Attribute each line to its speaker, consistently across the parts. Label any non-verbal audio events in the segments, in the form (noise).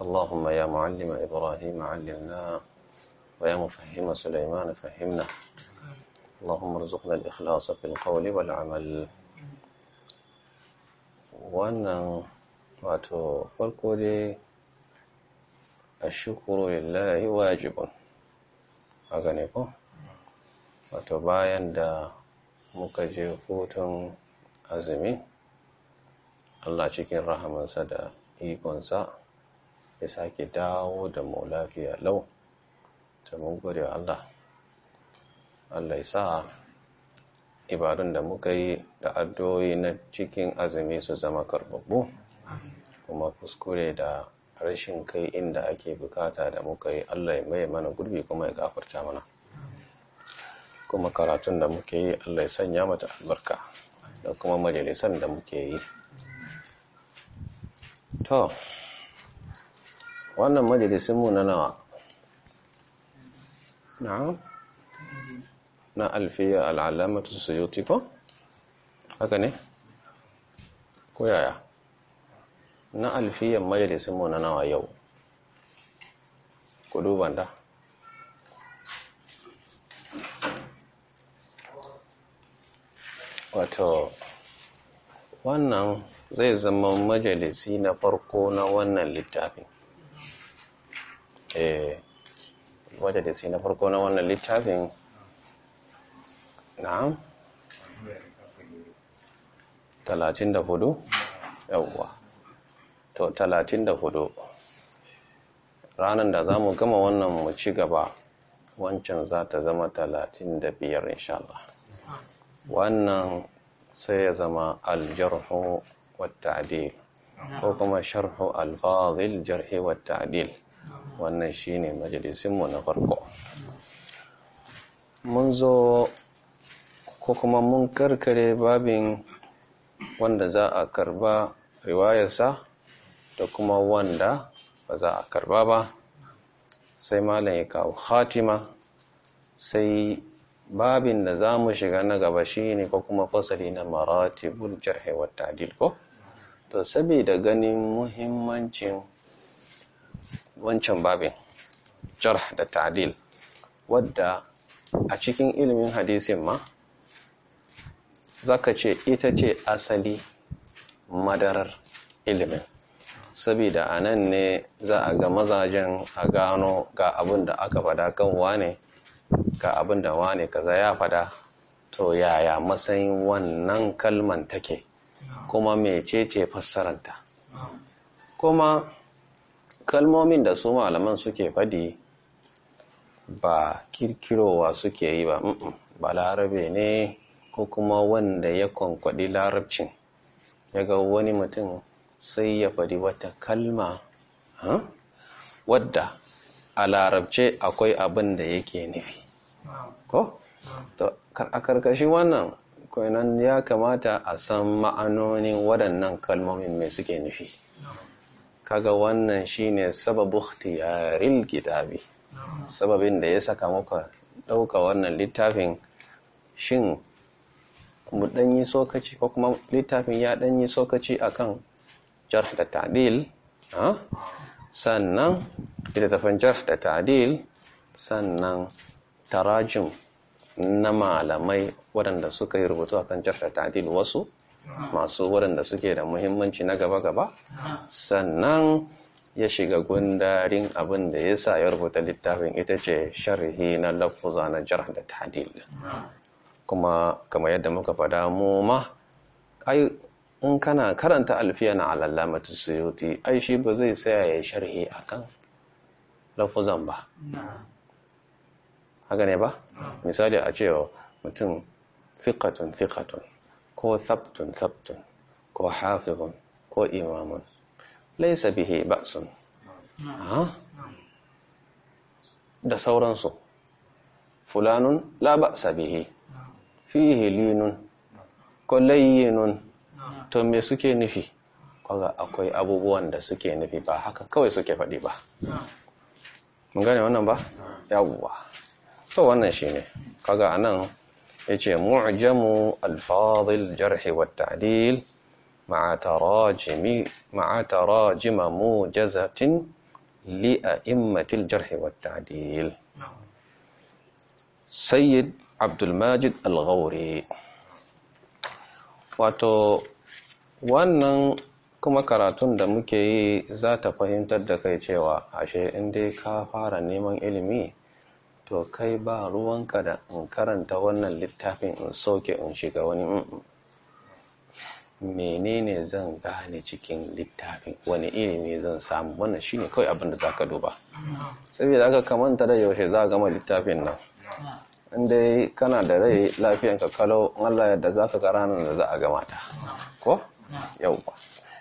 Speaker 1: اللهم يا معلم إبراهيم علمنا ويا مفهم سليمان فهمنا اللهم ارزقنا الإخلاص في القول والعمل wannan wato farko dai a shukuru lillahi wajibun haka ne ko wato bayan da muka je hutun azumi Allah cikin rahamansa da ikonsa ya sake dawo da mu lafiya lau ta mu Allah Allah ya sa ibadun da muka yi da addu'o'i na cikin azumi su zama karbabbu kuma kuskure da rashin kai inda ake bukata da muka yi Allah ya mai mana gurbi kuma ya gafarta mana kuma karatun da muke yi Allah ya sanya mata albarka da kuma majalisan da muke yi to wannan majalisinmu na nawa na na alfiya al'alamatu suyuti ko haka ne ko yaya na alfiyan majalisinmu na nawa yau ku duban da wato wannan zai zama majalisi na farko na wannan littafin Eh, da na farko na wannan littafin na talatin da hudu yawwa to talatin da ranar da za mu gama wannan mu ci gaba wancan za ta zama talatin da biyar wannan sai ya zama aljarhu wa adil, ko kuma sharhu alfazil jarhi wa adil. wannan shi ne majalisinmu na farko mun zo ko kuma mun karkare babin wanda za a karba riwayarsa da kuma wanda ba za a karba ba sai malam ya kawo hatima sai babin da za mu shiga na gaba shi ne ko kuma fasali na maratibul jarhe wata dilko to saboda ganin muhimmancin wancan babin jarh da ta'dil wadda a cikin ilimin hadisin ma zaka ce ita ce asali madarar ilimin saboda anan ne za a ga mazajen a gano ga abin da aka fada kan wane ga abin da wane kaza ya fada to yaya matsayin wannan kalman take kuma mecece fassaranta kuma kalmomin da su malaman suke faɗi ba kirkirowa suke yi ba ba larabe ne ko kuma wanda ya kwankwaɗi larabcin ya ga wani mutum sai ya faɗi wata kalma wadda a larabce akwai abin da yake nufi ko? a karkashi wannan kwanan ya kamata a san ma'anonin waɗannan kalmomin mai suke nufi kaga wannan shine sababu ikhtiyaril kitabi sababin da ya saka muka dauka wannan littafin shin mu danyi sokaci ko kuma littafin ya danyi sokaci akan jarh da ta'dil sannan littafin jarh da ta'dil sannan tarajin na malamai waɗanda suka yi rubutu akan jarh da ta'dil wasu masu wurin da suke da muhimmanci na gaba-gaba sannan ya shiga gundarin abin da ya sa ya rubuta littafin ita ce sharhi na lafuza na jar da tadil kuma kama yadda muka fada mu ma ai in kana karanta alfiya na alalamatu suyuti ai shi ba zai saya ya sharhi akan lafuzan ba haka ne ba misali a cewa mutum thiqatun thiqatun ko sabtun sabtun ko hafizun ko imamun laisa bihe ba'sun da sauransu fulanun la ba'sa bihe fihe linun ko layyinun to me suke nufi kwaga akwai abubuwan da suke nufi ba haka kawai suke faɗi ba mun gane wannan ba yawuwa to wannan shi ne kaga anan yace mu'jamu alfadhil jarh wa ta'dil ma'a tarajimi ma'a tarajima mujazatin li a'immatil jarh wa ta'dil sayyid abdul majid al-ghawri wato wannan kuma karatun da muke yi za ta fahimtar da kai cewa ashe inda ka fara neman ilimi to kai ba ruwanka da in karanta wannan littafin in soke in shiga wani mm, mm. menene zan gane cikin littafin wani ilimi zan samu wannan shine kawai abin da zaka duba saboda aka kamanta da yaushe za gama littafin nan inda kana da rai ka kalo Allah yadda zaka ga ranar da za a gama ta ko yau.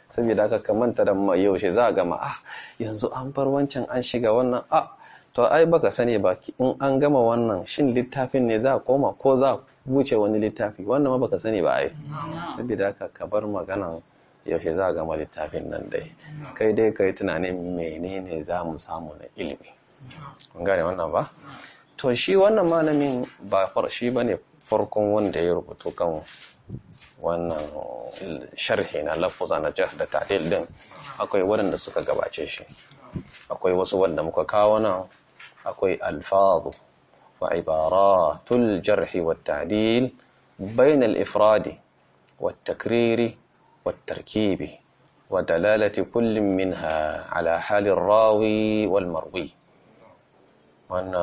Speaker 1: saboda aka kamanta da yaushe za a gama ah yanzu an bar wancan an shiga wannan ah to ai baka sani ba in an gama wannan shin littafin ne za a koma ko za a wuce wani littafi wannan ma baka sani ba ai saboda haka ka bar magana yaushe za a gama littafin nan dai kai dai kai tunanin menene za mu samu na ilimi kun gane wannan ba to shi wannan malamin ba shi bane farkon wanda ya rubutu kan wannan sharhi na lafuza na jar da tadil din akwai waɗanda suka gabace shi akwai wasu wanda muka kawo nan أكوي ألفاظ وعبارات الجرح والتعديل بين الإفراد والتكرير والتركيب ودلالة كل منها على حال الراوي والمروي وأن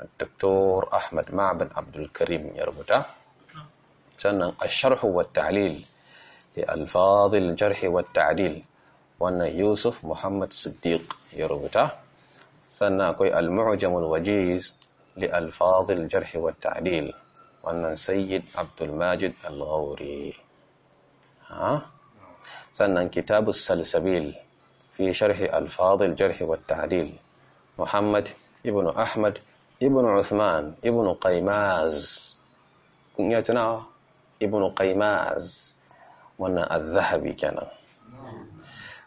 Speaker 1: الدكتور أحمد معبد عبد الكريم يربطه سنة الشرح والتعليل لألفاظ الجرح والتعديل وأن يوسف محمد صديق يربطه سنة كوي المعجم الوجيز لألفاظ الجرح والتعديل وأن سيد عبد الماجد الغوري ها سنة كتاب السلسبيل في شرح ألفاظ الجرح والتعديل محمد ابن أحمد ابن عثمان ابن قيماز كنيتنا ابن قيماز وأن الذهبي كان نعم.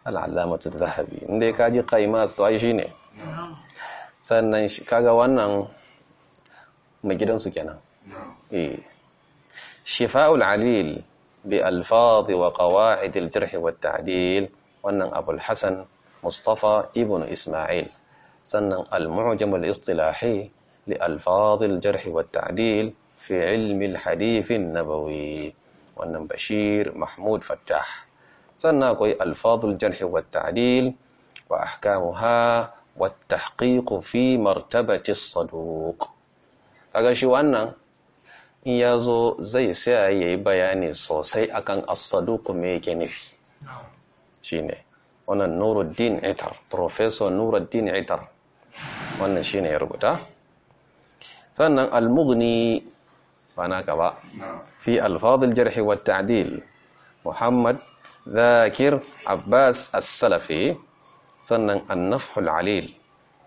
Speaker 1: العلامة الذهبي عندك قيماز تعيشيني sannan kaga wannan mai gidansu kenan eh shifa'ul alil bi alfaz wa qawaid al wa at-ta'dil wannan abul hasan mustafa ibn isma'il sannan almu'jam alistilahi li alfaz al wa at-ta'dil fi ilm alhadith an-nabawi wannan bashir mahmud fattah sannan akwai alfaz al wa at-ta'dil wa ahkamuha والتحقيق في مرتبة الصدوق kaga shi wannan in ya zo zai sai yayi bayani sosai akan as-saduq me yake nufi shine wannan Nuruddin Itar professor Nuruddin Itar wannan shine ya rubuta sannan al-mughni ba naka ba fi alfadhil jarh wa ta'dil Muhammad Zakir Abbas as-Salafi سنة النفح العليل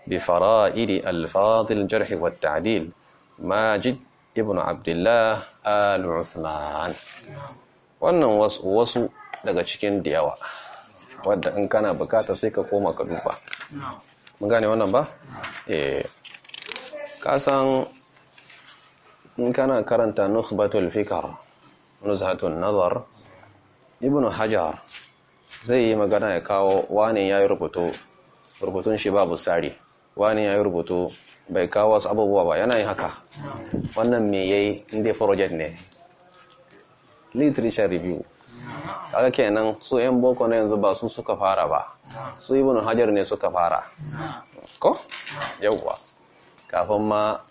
Speaker 1: بفرائد الفاظ الجرح والتعديل ماجد ابن عبد الله آل عثمان وأن وصو وصو لغا چكين ديوا ودى ان كان بكاتا سيكا قوما كدوبا مغاني وانا با كاسان ان كان كرنتا نخبة الفكر نزهة النظر ابن حجر zai yi magana ya kawo wani ya yi rubutu rubutun shi babu tsari wani ya yi rubutu bai kawo wasu abubuwa ba yana yi haka wannan me ya yi inda project ne literature review kaga kenan su yan boko na yanzu ba su suka fara ba su ibn hajar ne suka fara ko yauwa kafin ma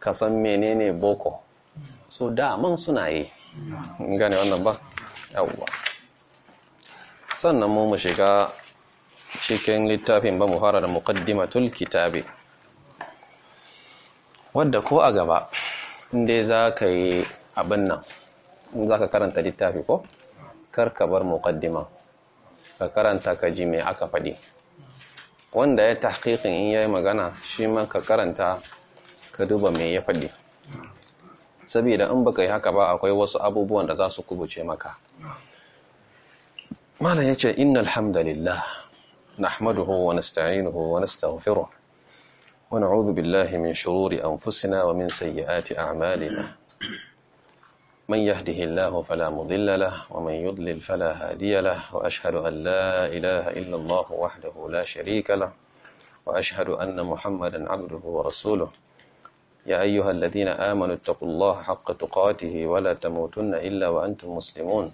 Speaker 1: ka san menene boko so daman suna yi gane wannan ba yauwa sannan mu mu shiga cikin littafin ba mu fara da muqaddimatul kitabi wadda ko a gaba inda za ka yi abin nan za ka karanta littafi ko karka bar muqaddima ka karanta ka ji mai aka faɗi wanda ya tahqiqin in yi magana shi ma ka karanta ka duba me ya faɗi saboda in baka yi haka ba akwai wasu abubuwan da za su kubuce maka mana ya ce innal hamdalillah nahmaduhu wa nasta'inuhu wa nastaghfiruh wa na'udhu billahi min shururi anfusina wa min sayyiati a'malina من يهده الله فلا مضل له ومن يضلل فلا هادي له وأشهد أن لا إله إلا الله وحده لا شريك له وأشهد أن محمدا عبده ورسوله يا أيها الذين آمنوا اتقوا الله حق تقاته ولا تموتن إلا وأنتم مسلمون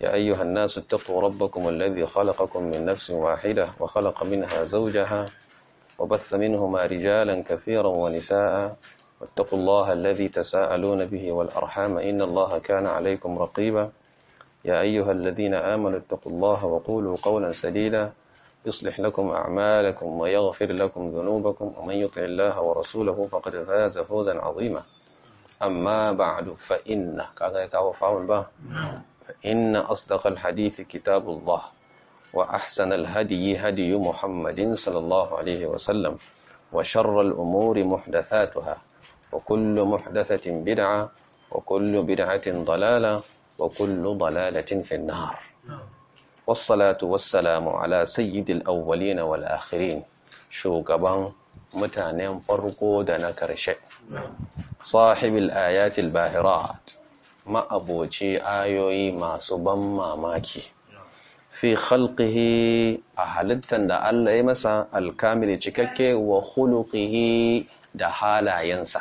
Speaker 1: يا أيها الناس اتقوا ربكم الذي خلقكم من نفس واحدة وخلق منها زوجها وبث منهما رجالا كثيرا ونساء واتقوا الله الذي تساءلون به والأرحام إن الله كان عليكم رقيبا يا أيها الذين آمنوا اتقوا الله وقولوا قولا سديدا يصلح لكم أعمالكم ويغفر لكم ذنوبكم ومن يطع الله ورسوله فقد فاز فوزا عظيما أما بعد فإن كذلك يكاو فاول إن أصدق الحديث كتاب الله وأحسن الهدي هدي محمد صلى الله عليه وسلم وشر الأمور محدثاتها وكل محدثة بدعة وكل بدعة ضلالة وكل ضلالة في النار والصلاة والسلام على سيد الأولين والآخرين شوكبان متانين فرقو دنا كرشي صاحب الآيات الباهرات ma'aboci ayoyi masu ban mamaki fi khalqihi a halittar da Allah ya masa alkamili cikakke wa khuluqihi da halayensa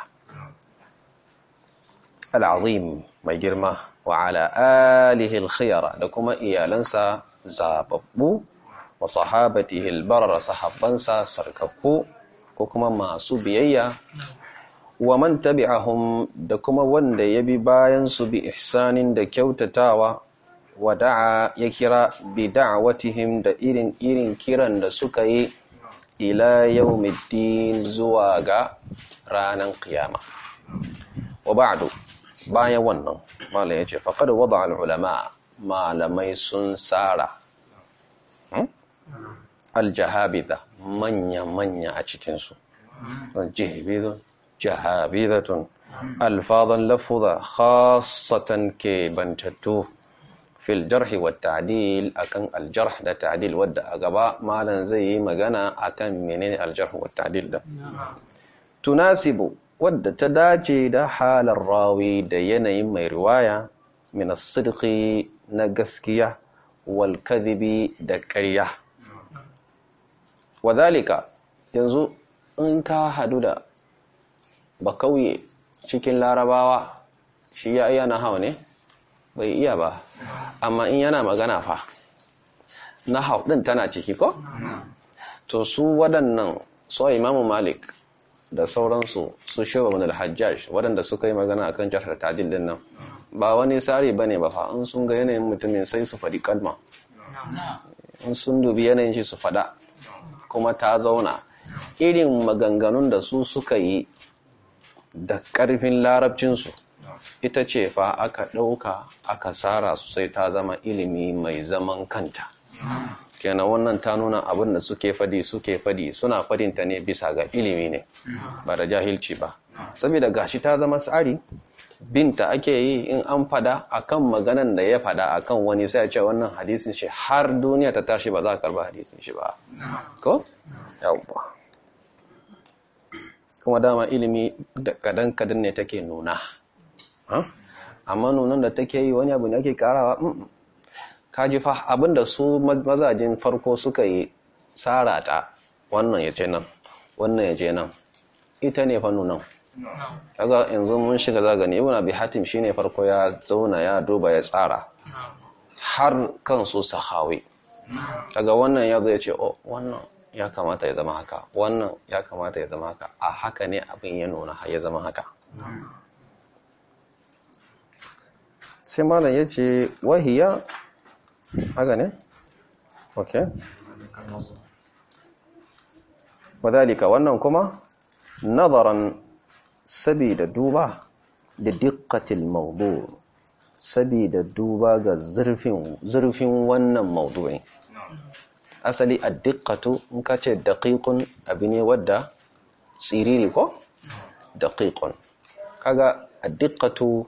Speaker 1: al'azim mai girma wa ala alihi alkhiyara da kuma iyalansa zababbu wa sahabatihi albarra sahabbansa sarkakku ko kuma masu biyayya wa man tabi'ahum da kuma wanda ya bi bayan su bi ihsanin da kyautatawa wa da'a ya kira bi da'awatihim da irin irin kiran da suka yi ila yawmiddin zuwa ga ranar kiyama wa ba'du bayan wannan mala ce faqad wada al ulama malamai sun sara hmm, al jahabida manya manya a cikinsu. su jihibidun jahabidatun alfadan lafuza khasatan ke bantattu fil jarhi wa ta'dil akan aljarh da ta'dil wadda a gaba malam zai yi magana akan menene aljarh wa ta'dil da tunasibu wadda ta dace da halar rawi da yanayin mai riwaya mina as na gaskiya wal kadhibi da ƙarya wadhalika yanzu in ka hadu da ba kauye cikin larabawa shi ya iya nahau ne bai iya ba amma in yana magana fa nahau din tana ciki ko to su waɗannan so imamu malik da sauransu su shoba wani hajjaj waɗanda suka yi magana akan jihar tadil din nan ba wani ba bane ba fa in sun ga yanayin mutumin sai su faɗi kalma in sun dubi yanayin shi su faɗa kuma ta zauna irin maganganun da su suka yi da ƙarfin larabcinsu ita ce fa aka ɗauka aka tsara su sai ta zama ilimi mai zaman kanta kena wannan ta nuna abin da suke fadi suke fadi suna fadinta ne bisa ga ilimi ne ba da jahilci ba saboda gashi ta zama tsari binta ake yi in an fada akan maganan da ya fada akan wani sai a ce wannan hadisin shi har duniya ta tashi ba za a karba hadisin shi ba ko yawwa kuma dama ilimi da kadan kadan ne take nuna amma nunan da take yi wani abu ne ake karawa mm, mm. kaji fa abinda su mazajin farko suka yi sarata wannan ya ce nan wannan ya ce nan ita ne fa nunan Daga yanzu mun shiga zagani ibn abi hatim shine farko ya zauna ya duba ya tsara har kan su sahawi Daga wannan ya zo ce oh wannan ya kamata ya zama haka wannan ya kamata ya zama haka a haka ne abin ya nuna ya zama haka sai malam ya ce wahiya haka ne? ok wadalika wannan kuma nazaran sabida duba da dikkatil maudu sabida duba ga zurfin wannan maudu'in asali addiqatu in ka ce daƙiƙun abu ne wadda tsiriri ko daƙiƙun? kaga addiqatu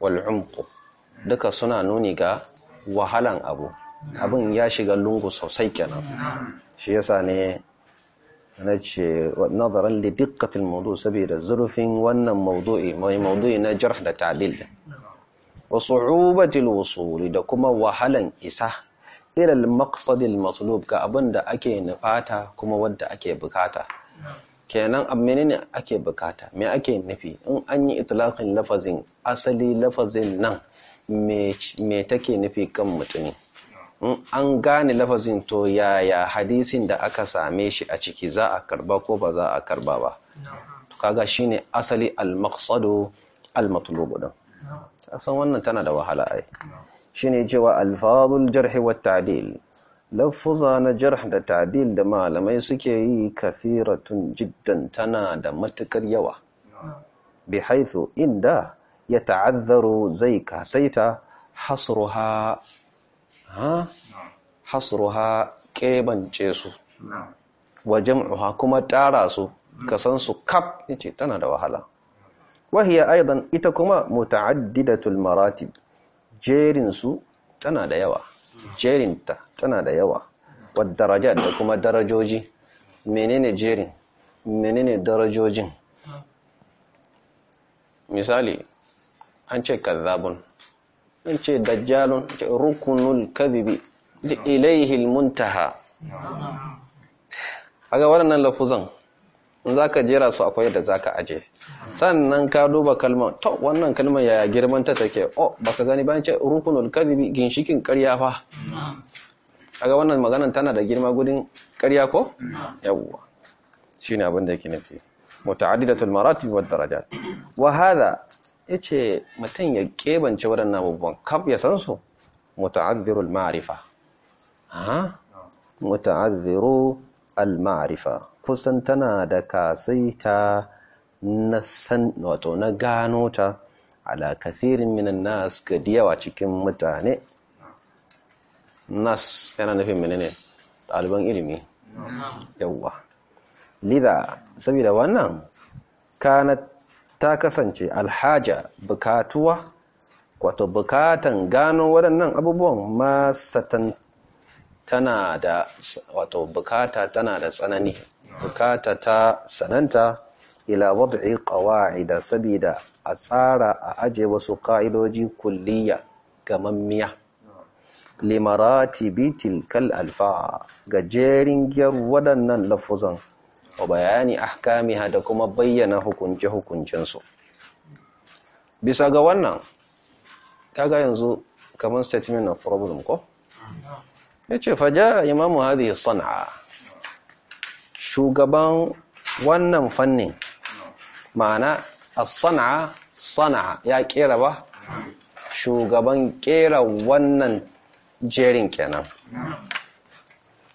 Speaker 1: wal umqu duka suna nuni ga wahalan abu abin ya shiga lungu sosai kenan shi yasa ne na ce nazarin da dukkatin maudu saboda zurfin wannan maudu'i mai maudu'i na jarh da ta'lil wasu su'ubatil wusuli da kuma wahalan isa ilal maqsadil maslub ga abin da ake nufata kuma wadda ake bukata kenan abin ne ake bukata me ake nufi in an yi itilakin lafazin asali lafazin nan me take nufi kan mutumi in an gane lafazin to yaya hadisin da aka same shi a ciki za a karba ko ba za a karba ba kaga shine asali al-maqsadu al don a san wannan tana da wahala ai shine cewa alfazul jarh wa ta'dil lafuzza na jarh da ta'dil da malamai suke yi tun jiddan tana da matukar yawa bi haythu inda yata'azzaru zai kasaita hasruha ha hasruha kebance su wa jam'uha kuma tara su kasan su kaf yace tana da wahala wahiya aidan ita kuma muta'addidatul maratib jerinsu tana da yawa jerinta tana da yawa wadda da kuma darajoji menene jerin menene darajojin misali an ce kazzabun an ce dajjalun ce rukunul kadhibi ilayhi almuntaha aga waɗannan lafuzan in za ka jera su akwai da za ka aje sannan ka duba kalmar to wannan kalmar yaya girman ta take o oh, baka gani bayan ce rukunul kadhibi ginshikin karya fa kaga wannan maganar tana da girma gudun karya ko yawwa shine abin da yake nufi muta'addidatul maratib wad darajat wa hada yace mutum ya kebance waɗannan abubuwan kaf ya san su muta'addirul ma'rifa ha muta'addiru al-ma'rifa kusan tana da kasaita na san wato na gano ta ala kafirin minan nas ga diyawa cikin mutane nas yana nufin menene ɗaliban ilimi yawwa lida saboda wannan kana ta kasance alhaja bukatuwa wato bukatan gano waɗannan abubuwan masatan tana da wato bukata tana da tsanani bukata ta sananta ila wad'i qawa'ida sabida a tsara a aje wasu ka'idoji kulliya gamammiya limarati bitil kal alfa jerin giyar waɗannan lafuzan wa bayani ahkamiha da kuma bayyana hukunce hukuncensu bisa ga wannan kaga yanzu kamar statement of problem ko فجاء إمام هذه الصنعة شو قبان وانا مفنين معنى الصنعة صنعة يا كيرا با شو قبان كيرا وانا جيرين كنا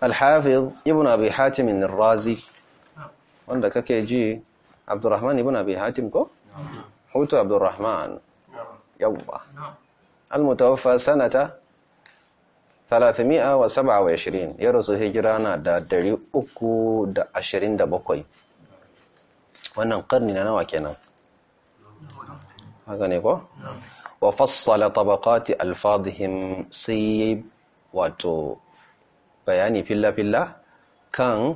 Speaker 1: الحافظ ابن أبي حاتم الرازي وانا كي جي عبد الرحمن ابن أبي حاتم كو حوت عبد الرحمن يوبا المتوفى سنة 327 ya rasu hijira na da 327 wannan karni na nawa kenan haka ne ko wa fassala tabakati alfadhihim sai wato bayani filla filla kan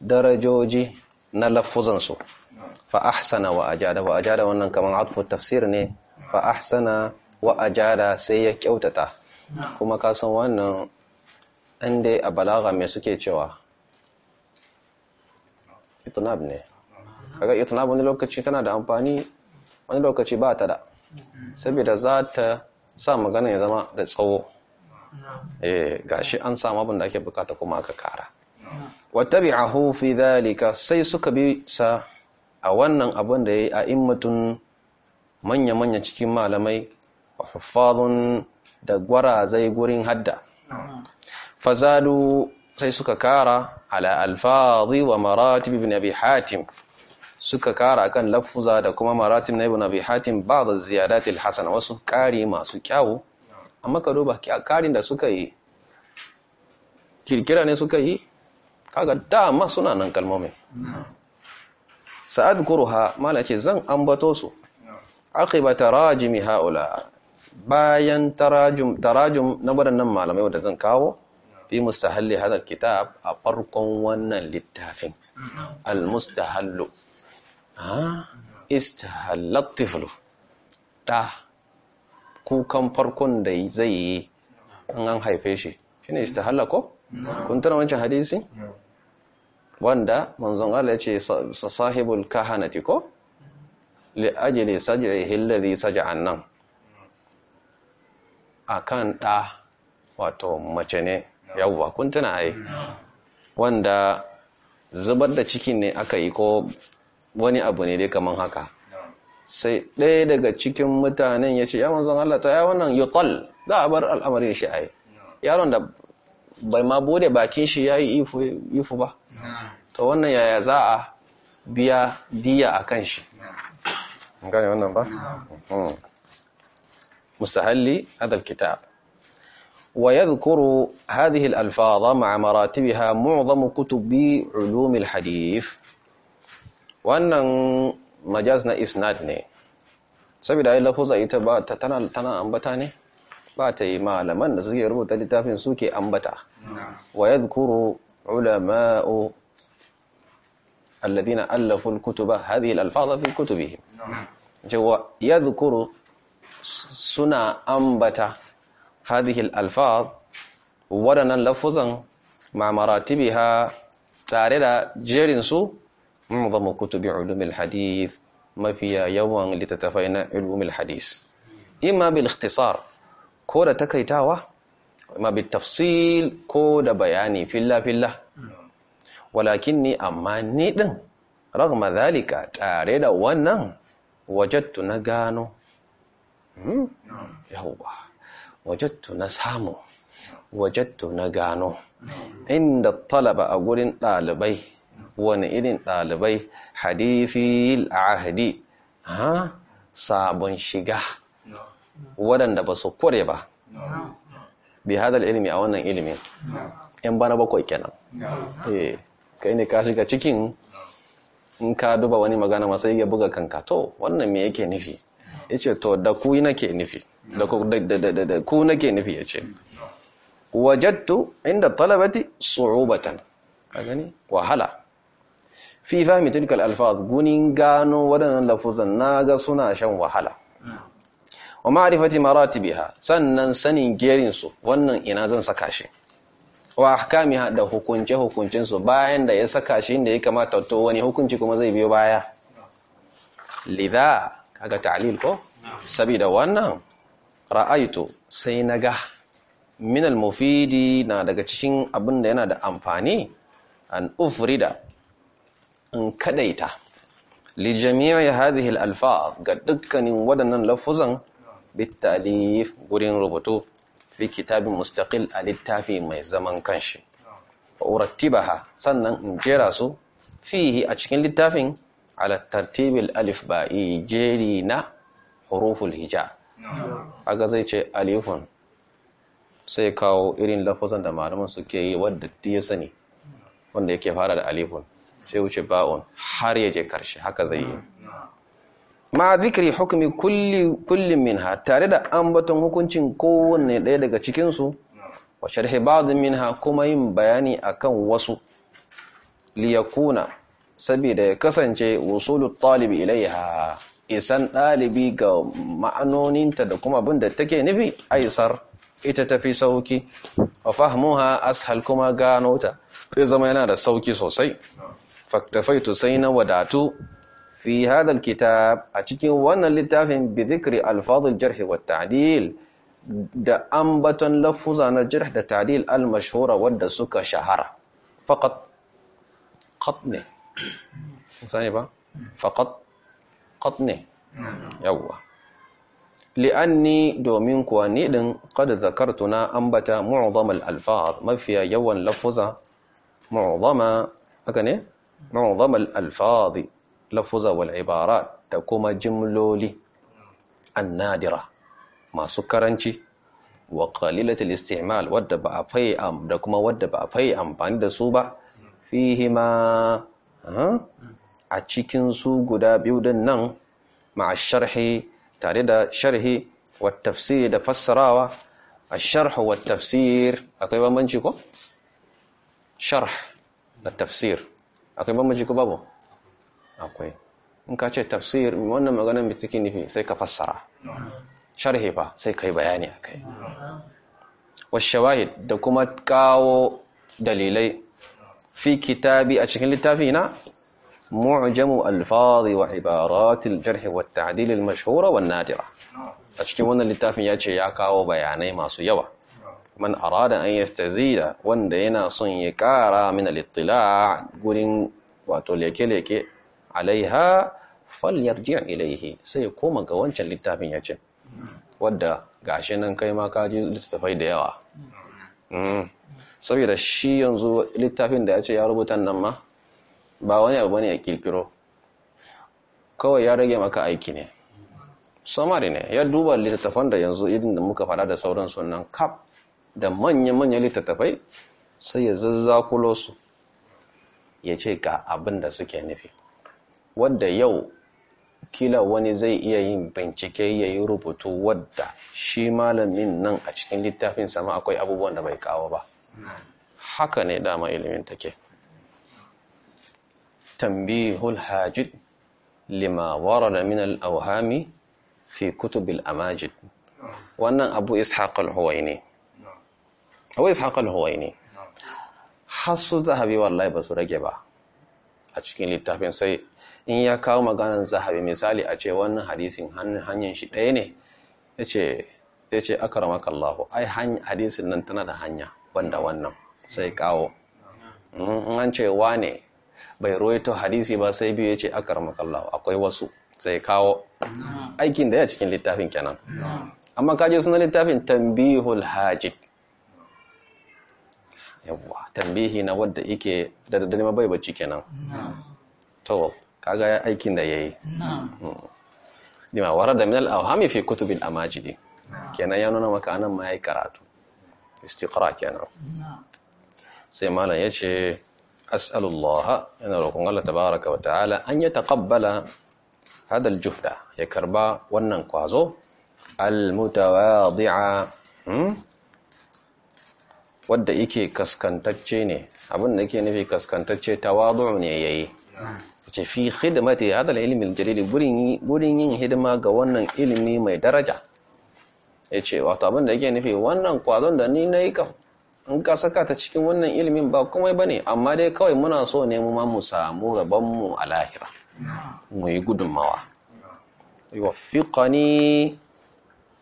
Speaker 1: darajoji na lafuzan su fa ahsana wa ajada wa ajada wannan kamar atfu tafsir ne fa ahsana wa ajada sai ya kyautata kuma ka san wannan ɗan a balaga mai suke cewa itinab ne kaga itinab wani lokaci tana da amfani wani lokaci ba ta da saboda za ta sa magana ya zama da tsawo eh shi an samu abin da ake bukata kuma aka kara wattabi'ahu fi dhalika sai suka bi sa a wannan abin da yayi a immatun manya-manya cikin malamai wa huffazun da gwarazai gurin hadda fazalu sai suka kara ala alfazi wa maratib ibn abi hatim suka kara kan lafuza da kuma maratib na ibn abi hatim ba da ziyadatil hasan wasu kari masu kyau. amma ka duba karin da suka yi kirkira ne suka yi kaga dama suna nan kalmomin sa'ad kuruha mala ce zan ambato su aqibata rajimi haula bayan tarajum tarajum na waɗannan malamai wanda zan kawo fi mustahalli hadar kitab a farkon wannan littafin al-mustahallu istahallattiflu da kukan farkon da zai yi an haife shi shine istihalla ko kun tana wancan hadisi wanda manzon Allah ya ce sahibul kahanati ko li ajli saj'ihi hillari saja'an nan A kan ɗa wato mace ne yawwa kun tuna ai wanda zubar da cikin ne aka yi ko wani abu ne dai kamar haka sai ɗaya daga cikin mutanen ya ce ya manzon Allah ta nan wannan ƙwal za a bar al'amarin shi ai yaron da bai ma bude bakin shi ya yi ifu ba to wannan yaya za a biya diya akan shi gani wannan ba مستهلي هذا الكتاب ويذكر هذه الألفاظ مع مراتبها معظم كتب علوم الحديث وأن مجازنا إسنادنا سبيل الله لفظة إتباة تنا أنبتاني باتي ما لمن سوكي ربو تلتاف سوكي أنبتا نعم. ويذكر علماء الذين ألفوا الكتب هذه الألفاظ في كتبهم نعم. جو يذكر suna ambata hadihil alfaz waɗannan lafuzan mamaratibiha tare da jerinsu mu kutubi ulumil hadith mafiya yawan littattafai na ulumil hadith imma bil ikhtisar ko da takaitawa ma bil tafsil ko da bayani filla filla walakinni amma ni din ragma zalika tare da wannan wajattu na gano yawwa wajattu na samu wajattu na gano inda talaba a gurin ɗalibai wani irin ɗalibai hadifil ahadi ha sabon shiga waɗanda ba su kware ba bi hadal ilimi a wannan ilimin yan bana bakwai kenan eh kai ne ka shiga cikin in ka duba wani magana yi ya buga kanka to wannan me yake nufi ya ce to da ku nake nufi da ku nake nufi ya ce wajattu inda talabati su'ubatan a gani wahala fi fahimi tilkal alfaz gunin gano waɗannan lafuzan ga suna shan wahala wa ma'rifati maratibiha sannan sanin gerinsu wannan ina zan saka shi wa ahkamiha da hukunce hukuncin su bayan da ya saka shi inda ya kamata to wani hukunci kuma zai biyo baya lidha kaga ta'lil ko Sabida wannan ra'aitu sai naga min al-mufidi na daga cikin abin da yana da amfani an ufrida in kadaita li jami'i hadhihi al-alfaz ga dukkanin wadannan lafuzan bitalif gurin rubutu fi kitabin mustaqil a littafi mai zaman kanshi wa urattibaha sannan in jera su fihi a cikin littafin ala tartibil alif ba'i jeri na huruful hija zai ce alifun sai kawo irin lafazan da malaman suke yi wadda ya sani wanda yake fara da alifun sai wuce ba'un har ya je karshe haka zai yi ma zikiri hukumi kullum minha tare da ambaton hukuncin kowanne ɗaya daga cikinsu wa sharhi ba'dhin minha kuma yin bayani akan wasu liyakuna saboda ya kasance wusulu talib ilaiha isan ɗalibi ga ma'anoninta da kuma abin da take nufi aisar ita tafi sauki wa fahmuha ashal kuma gano ta zai zama yana da sauki sosai faktafaitu sai na wadatu fi hadal kitab a cikin wannan littafin bi zikri alfadul jarhi wa ta'dil da ambaton lafuza na jirh da ta'dil al wadda suka shahara faqat qatne sani ba faqat ne li'anni domin kuwa ni din qad zakartu ambata mu'dham al-alfaz mafiya yawan lafuza mu'dhama haka ne mu'dham al-alfaz lafuza wal ibarat da kuma jimloli annadira masu karanci wa qalilatul isti'mal wadda ba a fai da kuma wadda ba a fai amfani da su ba fihima a cikin su guda biyu din nan ma'a sharhi tare da sharhi wa tafsir da fassarawa a sharhi wa tafsir akwai bambanci ko sharh da tafsir akwai bambanci ko babu akwai in ka ce tafsir wannan maganin mai take nufi sai ka fassara sharhi ba sai kai bayani akai wa shawahid da kuma kawo dalilai fi kitabi a cikin littafi na mu'jamu alfazi wa ibaratil jarh wa ta'dil al mashhura wa nadira a cikin wannan littafin ya ce ya kawo bayanai masu yawa man arada an yastazida wanda yana son ya kara min al-ittila' gurin wato leke-leke alaiha falyarji ilaihi sai koma ga wancan littafin ya ce wadda gashi nan kai ma kaji littafai da yawa saboda shi yanzu littafin da ya ce ya rubuta nan ma ba wani abu ne ya kirkiro kawai ya rage maka aiki ne samari ne ya duba littattafan da yanzu irin da muka fada da sauran sunan kap da manya-manyan littattafai sai ya zazzakulo su ya ce ga abin da suke nufi wadda yau kila wani zai iya yin bincike ya yi rubutu wadda shi malamin nan a cikin littafin sama akwai abubuwan da bai kawo ba haka ne dama ilimin take tambihul hajid lima warada min al'auhami fi kutubil amajid wannan abu ishaq al-huwaini abu ishaq al-huwaini hasu zahabi wallahi ba su rage ba a cikin littafin sai in ya kawo maganar zahabi misali a ce wannan hadisin hanyar shi ɗaya ne ya ce akaramaka Allahu ai hadisin nan tana da hanya banda wannan sai kawo an ce wane bai roito hadisi ba sai biyu ya ce akar makallawa akwai wasu sai kawo aikin da ya cikin littafin kenan amma kaje suna littafin tambihul hajji yawwa tambihi na wadda ike da daddare ma bai bacci kenan to kaga ya aikin da ya yi nima warar da minal auhami fi kutubin amajidi kenan ya nuna maka anan ma yi karatu istiqra kenan sai malam ya ce as'alullah yana roƙon Allah tabaraka wa ta'ala an ya taqabbala hada aljuhda ya karba wannan kwazo almutawadi'a hmm? wadda yake kaskantacce ne abin da yake nufi kaskantacce tawadu ne yayi ce fi khidmati hada ilmi aljalil gurin yin hidima ga wannan ilimi mai daraja ya ce wato abin da yake nufi wannan kwazon da ni na yi kam in ka saka ta cikin wannan ilimin ba komai ba ne amma dai kawai muna so ne mu ma mu samu rabonmu a lahira mu yi gudunmawa ni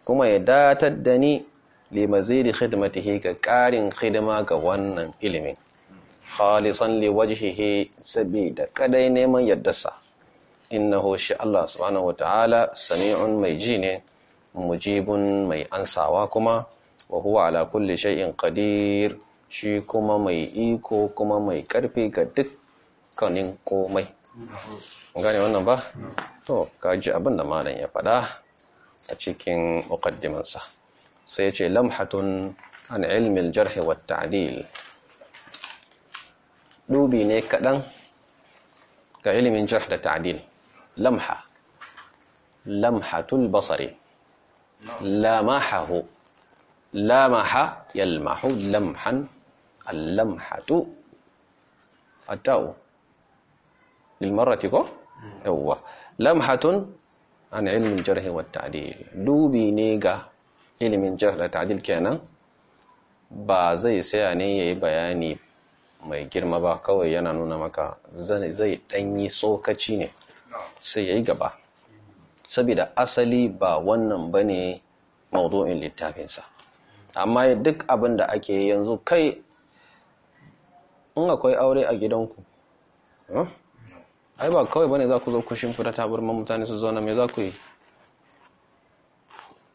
Speaker 1: kuma ya datar da ni da mazidi he ga ƙarin hidima ga wannan ilimin khalisan li sabi sabida kadai neman yaddasa innahu shi Allah subhanahu ta'ala sami'un mai ji ne mujibun mai ansawa kuma wa huwa ala kulli shay'in qadir shi kuma mai iko kuma mai karfi ga dukkanin komai gane wannan ba to kaji abin da malam ya faɗa a cikin mukaddimansa sai ya ce lamhatun an ilmi al-jarh wa tadil dubi ne kadan ga ilimin jarh da ta'dil lamha lamhatul basari lamahahu lamaha yalmahu lamhan allamhatu atau lilmarrati ko yawwa lamhatun an ilmin jarh wa ta'dil dubi ne ga ilmin jarh da ta'dil kenan ba zai saya ne yayi bayani mai girma ba kawai yana nuna maka zai danyi tsokaci ne sai yayi gaba saboda asali ba wannan ba ne maudu'in littafinsa amma duk abin da ake yanzu kai in akwai aure a gidanku ai ba kawai ba ne za ku zo ku shimfida taburman mutane su zauna mai za ku yi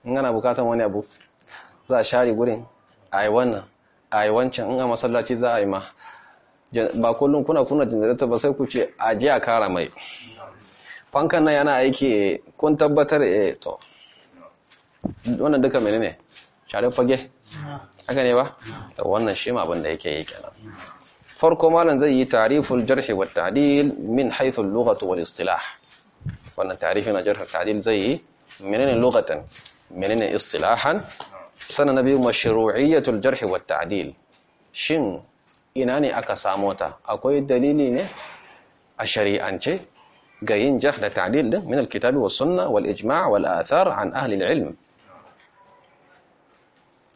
Speaker 1: in ana bukatan wani abu za a share gurin a yi wannan a yi wancan in a masallaci za a yi ma ba kullum kuna kuna jindaratar ba sai ku ce a ji a kara mai fankan nan yana aiki kun tabbatar e to wannan duka mene ne share fage haka ne ba da wannan shi ma abin da yake yi kenan farko malam zai yi tariful jarhi wa ta'dil min haythu al-lughah wal istilah wannan tarifi na jarh ta'dil zai yi menene lughatan menene istilahan sana nabi mashru'iyatul jarh wa ta'dil shin ina ne aka samo ta akwai dalili ne a shari'ance جايين جرح لتعليل ده من الكتاب والسنة والإجماع والآثار عن أهل العلم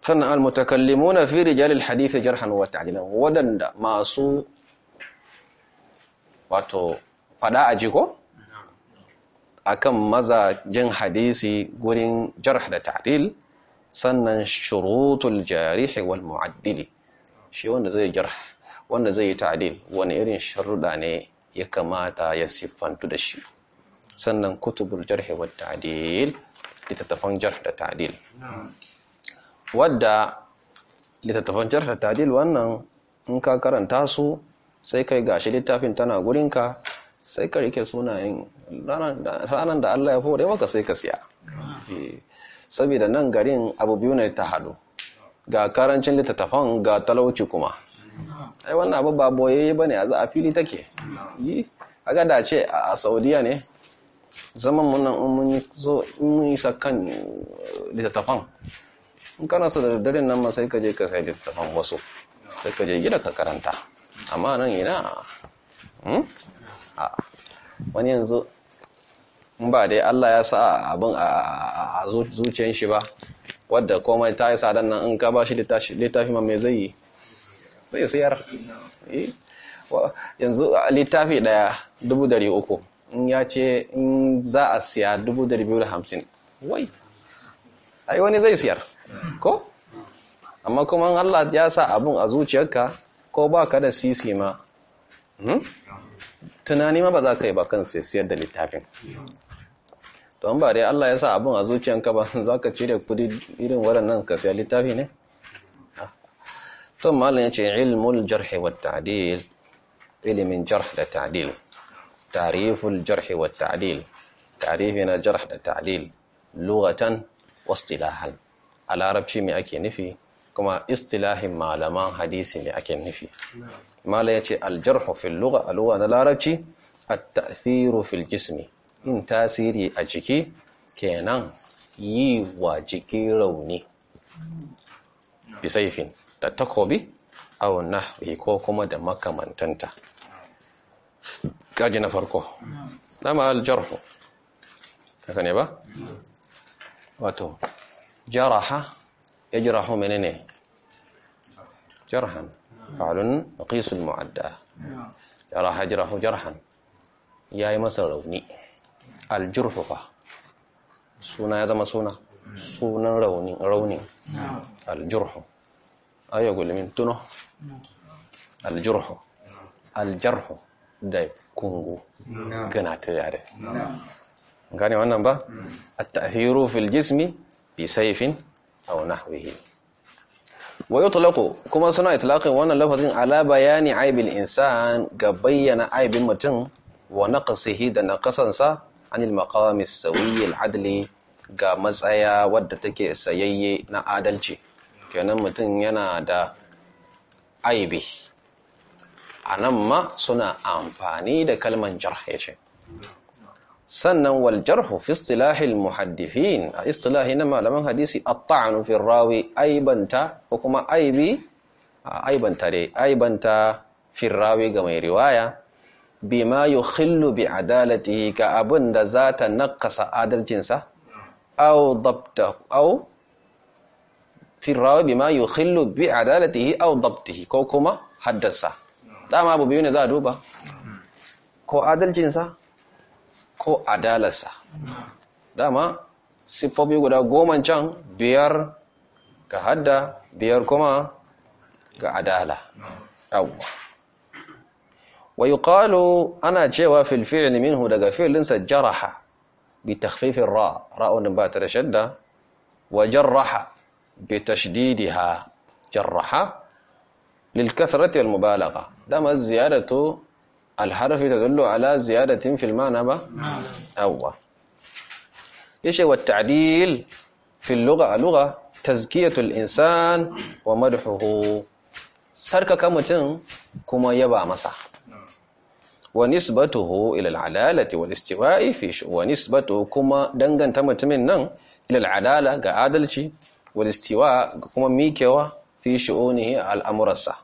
Speaker 1: صنع المتكلمون في رجال الحديث جرحا وتعديلا ودن ما سو واتو فدا أجيكو أكم مزا جن حديثي قرين جرح لتعليل صنع شروط الجارح والمعدل شي وانا زي جرح وانا زي تعليل وانا يرين شروط ya kamata ya siffantu da shi sannan kutubul jarhi wa ta'dil litattafan jarh da ta'dil wadda litattafan jarh da ta'dil wannan in ka karanta su sai kai gashi littafin tana gurinka sai ka rike sunayen ranar da Allah ya fore maka sai ka siya eh, saboda nan garin abu biyu ne ta hadu. ga karancin littattafan ga talauci kuma ai wannan abu ba boyayye bane a a fili take yi a gada ce a saudiya ne zaman munan umarni mun zo in yi sakan eh, littattafan in kana su da daddare nan masai kaje ka je ka sai littattafan wasu sai ka je gida ka karanta amma nan ina hmm? wani yanzu in ba dai Allah ya sa abin a zuciyar shi ba wadda komai ta yi sadan nan in ka ba shi littafi ma mai zai yi zai sayar eh. yanzu littafi daya dubu dari uku in ya ce in za a siya dubu dari biyu da hamsin wai ai wani zai siyar ko amma kuma Allah ya sa abun a zuciyarka ko ba ka da sisi ma hmm? tunani ma ba za ka yi ba kan siyar da littafin don ba dai Allah ya sa abin a zuciyarka ba (laughs) za ka cire kudi irin waɗannan ka siya littafi ne to malam yace ilmul jarh wa ilimin jarh da ta'dil ta'riful jarh wa ta'dil ta'rifin jarh da ta'dil lughatan wa istilahan a larabci me ake nufi kuma istilahin malaman hadisi ne ake nufi malam yace al jarh fil lugha al lugha na larabci at ta'thiru fil jismi in tasiri a jiki kenan yi wa jiki rauni bisaifin da takobi aw nahwi ko kuma da makamantanta kaji na farko dama aljarhu haka ne ba wato jaraha Ya yajrahu menene jarhan fa'lun naqisul mu'adda jaraha jarahu jarhan yayi masa rauni aljurfufa suna ya zama suna sunan raunin raunin aljurhu ayo gole min tuno aljurhu aljarhu da kungu gana ta yare gane wannan ba hmm. at-ta'thiru fil jismi bi sayfin aw nahwihi wa yutlaqu kuma suna itlaqin wannan lafazin ala bayani aibil insan ga bayyana aibin mutum wa naqsihi da naqasansa anil maqami sawi al-adli ga matsaya wadda take sayayye na adalci kenan mutum yana da aibi a nan ma suna amfani da kalman jarh ce sannan waljarhu. jarhu fi istilahil muhaddifin a istilahi na malaman hadisi at-ta'nu fi rawi aibanta ko kuma aibi aibanta dai aibanta fi rawi ga mai riwaya bima yukhillu bi adalatihi ka abun da zata nakasa adalcinsa aw dabta aw fi rawi bima yukhillu bi adalatihi aw dabtihi ko kuma haddasa dama abu biyu ne za a duba ko adalcinsa ko adalarsa dama siffofi guda goma can biyar ga hadda biyar kuma ga adala yawwa wa yuqalu ana cewa fil fi'l minhu daga fi'linsa jaraha bi takhfifir ra ra'un ba ta shadda wa jarraha بتشديدها جرحة للكثرة والمبالغة دام الزيادة الحرف تدل على زيادة في المعنى نعم. أو إيش هو التعديل في اللغة اللغة تزكية الإنسان ومدحه سرك متن كما يبا مسا ونسبته إلى العدالة والاستواء في ونسبته كما دنجن تمتمنن إلى العدالة كعادلتي walistiwa kuma mikewa fi shi'unihi al'amuransa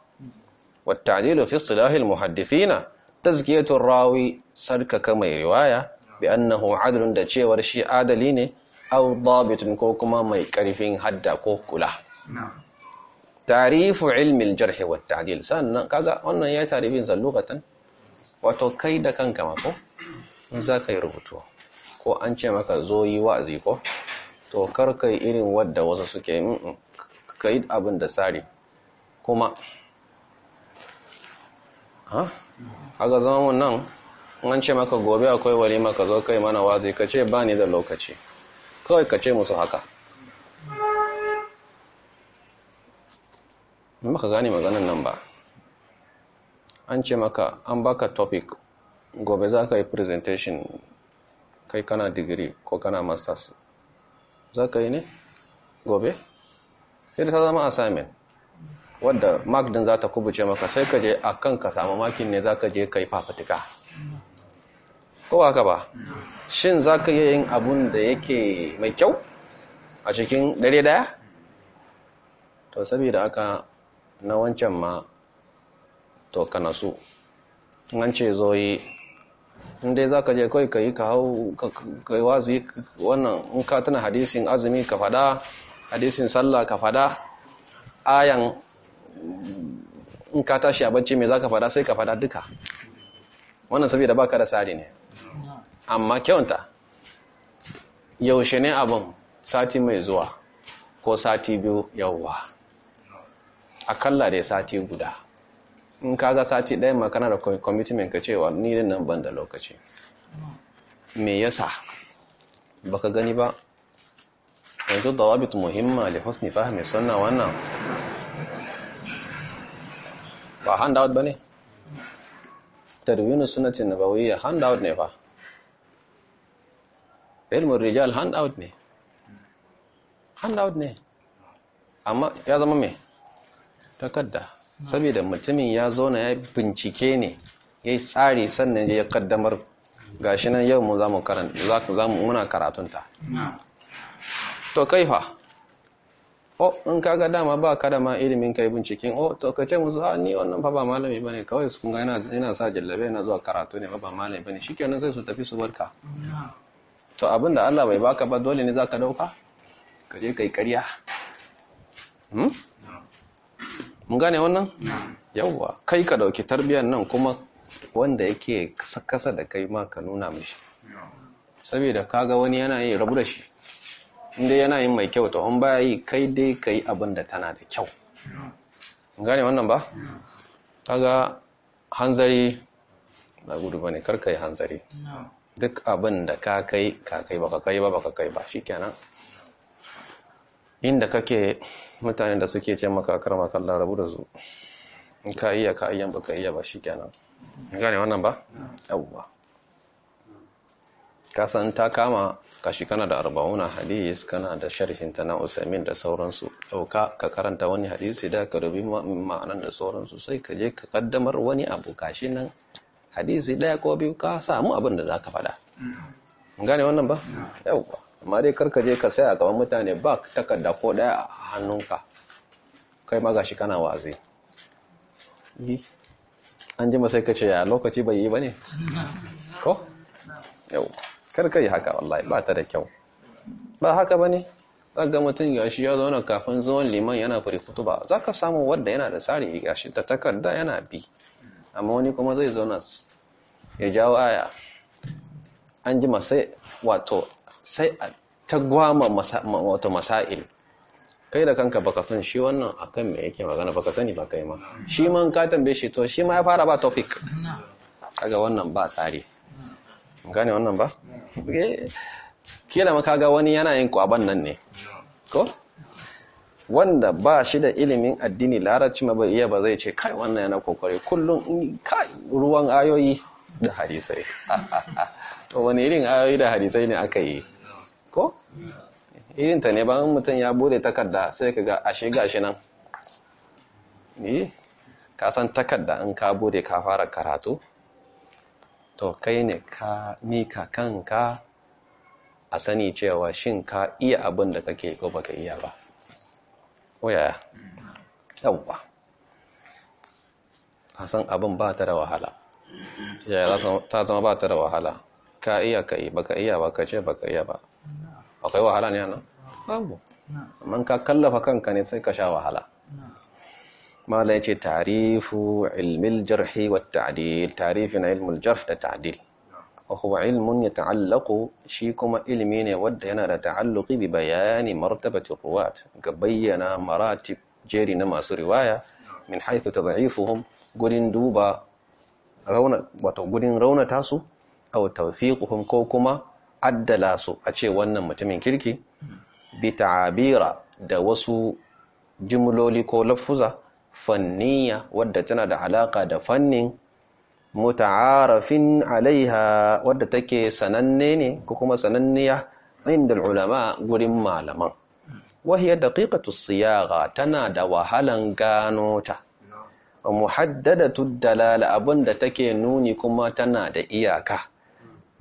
Speaker 1: wata ajilu fi istilahil muhaddifina tazkiyatun rawi sarkaka mai riwaya bi annahu adalun da cewar shi adali ne au dabitun ko kuma mai karfin hadda ko kula tarifu ilmin jarhi wa ta'dil sannan kaga wannan ya tarifin sa lugatan wato kai da kanka mako in za ka yi rubutu ko an ce maka zo yi wa'azi ko to kar kai irin wadda wasu suke kai abin da tsari kuma ha ga zama mun nan an ce maka gobe akwai walima ka zo kai mana wazi ka ce ba ni da lokaci kawai ka ce musu haka maka gane maganin nan ba an ce maka an baka topic gobe za ka yi presentation kai kana digiri ko kana masters za ka yi ne gobe sai da ta zama assignment wadda mark din za ta kubuce maka sai ka je a kan ka samu makin ne za ka je ka yi fafatika kowa ka ba shin za ka yi yin abun da yake mai kyau a cikin dare daya to saboda aka na wancan ma to kana su an ce zo in dai zaka je kai yi ka hau kai wazi wannan in ka tuna hadisin azumi ka fada hadisin sallah ka fada ayan in ka tashi a bacci me ka fada sai ka fada duka wannan saboda baka da tsari ne amma kyauta yaushe ne abin sati mai zuwa ko sati biyu yawwa akalla dai sati guda in ka ga sati ɗaya makana da commitment ka cewa ni nan ban da lokaci me yasa baka gani ba yanzu dawabit muhimma li husni fahmi sunna wannan ba handout bane tarwinu sunnatin nabawiyya handout ne fa ilmin rijal handout ne handout ne amma ya zama me takadda saboda mutumin ya zauna ya bincike ne ya yi tsari sannan ya kaddamar gashi nan yau mun zamu muna karatunta to kai fa o oh, in kaga dama ba ka da ma ilimin kai binciken o oh, to ka ce musu a ah, ni wannan fa ba malami bane kawai su kunga yana yana sa jallabe yana zuwa karatu ne ba malami bane shikenan sai su tafi su barka to abinda Allah bai baka ba dole ne zaka dauka ka je kai ƙarya hmm? mun gane wannan yawwa kai ka dauki tarbiyyar nan kuma wanda yake kasa da kai ma ka nuna mishi saboda kaga wani yana yi rabu da shi inda yana yin mai kyau ta wani baya yi kai dai ka yi abin da tana da kyau gane wannan ba kaga hanzari ba gudu ba ne karka yi hanzari duk abin da ka kai ka kai ba ka kai ba ba ka kai ba shi kenan inda kake mutanen da suke ce maka karma kallon rabu da su ka iya ka iya baka iya ba shi kenan gane wannan ba Ka kasan ta kama kashi kana da arba'una hadis kana da sharhin ta na usaimin da sauransu ɗauka ka karanta wani hadisi da ka rubi ma'anan da sauransu sai ka je ka kaddamar wani abu kashi nan hadisi ɗaya ko biyu ka samu abin da za ka faɗa gane wannan ba yauwa amma dai karka je ka saya gaban mutane ba takarda ko daya a hannunka kai ma gashi kana wazi an ji masai kace ya lokaci bai yi ba ne? (laughs) ko yau karka yi haka wallahi ba ta da kyau ba haka ba bane ga mutum gashi ya zauna kafin zuwan liman yana fari kutuba za ka samu wadda yana da tsari gashi ta takarda yana bi amma wani kuma zai zauna ya jawo aya an ji masai wato sai ta gwama wata masa'il kai da kanka baka san shi wannan akan me yake magana baka sani ba kai ma shi man ka tambaye shi to shi ma ya fara ba topic kaga wannan ba tsari gane wannan ba eh, kila ma kaga wani yana yin kwaban nan ne ko wanda ba shi da ilimin addini larabci ma bai iya ba zai ce kai wannan yana kokari kullum kai ruwan ayoyi da hadisai (laughs) to wani irin ayoyi da hadisai ne aka yi ko irinta ne bayan mutum ya bude takarda sai ka ga ashe gashi nan eh, ka san takarda in ka bude ka fara karatu to kai ne ka mika kanka a sani cewa shin ka iya abin da kake ko baka iya ba oya yawwa a san abin ba ta da wahala yaya ta zama ba ta da wahala ka iya ka yi baka iya ba ka ce baka iya ba akwai wahala ne ana babu amma ka kallafa kanka ne sai ka sha wahala mala ya ce tarifu ilmil jarhi wa ta'dil tarifi na ilmul jarh da ta'dil wa huwa ilmun yata'allaqu shi kuma ilmi ne wanda yana da ta'alluqi bi bayani martabati ruwat ga bayyana maratib jeri na masu riwaya min haythu tad'ifuhum gurin duba rauna wato gurin raunata su au tawfiquhum ko kuma addala su a ce wannan mutumin kirki bi ta'abira da wasu jimloli ko lafuza fanniya wadda tana da alaka da fannin muta'arafin alaiha wadda take sananne ne ko kuma sananniya inda ulama gurin malaman wahiya daqiqatu siyara tana da wahalan gano ta muhaddadatu dalala abinda take nuni kuma tana da iyaka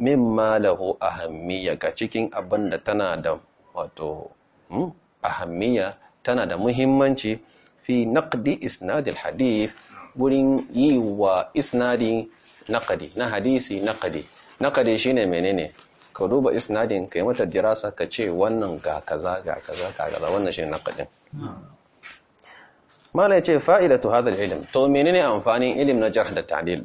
Speaker 1: mimma lahu ahammiya ga cikin abinda tana da wato hmm, ahammiya tana da muhimmanci fi naqdi isnadil hadith wurin yi wa isnadi naqdi na hadisi naqdi naqdi shine menene ka duba isnadin kai mata dirasa ka ce wannan ga kaza ga kaza ga wannan shine naqdin mala yace fa'idatu hadha ilim? ilm to menene amfanin ilm na jarh da ta'dil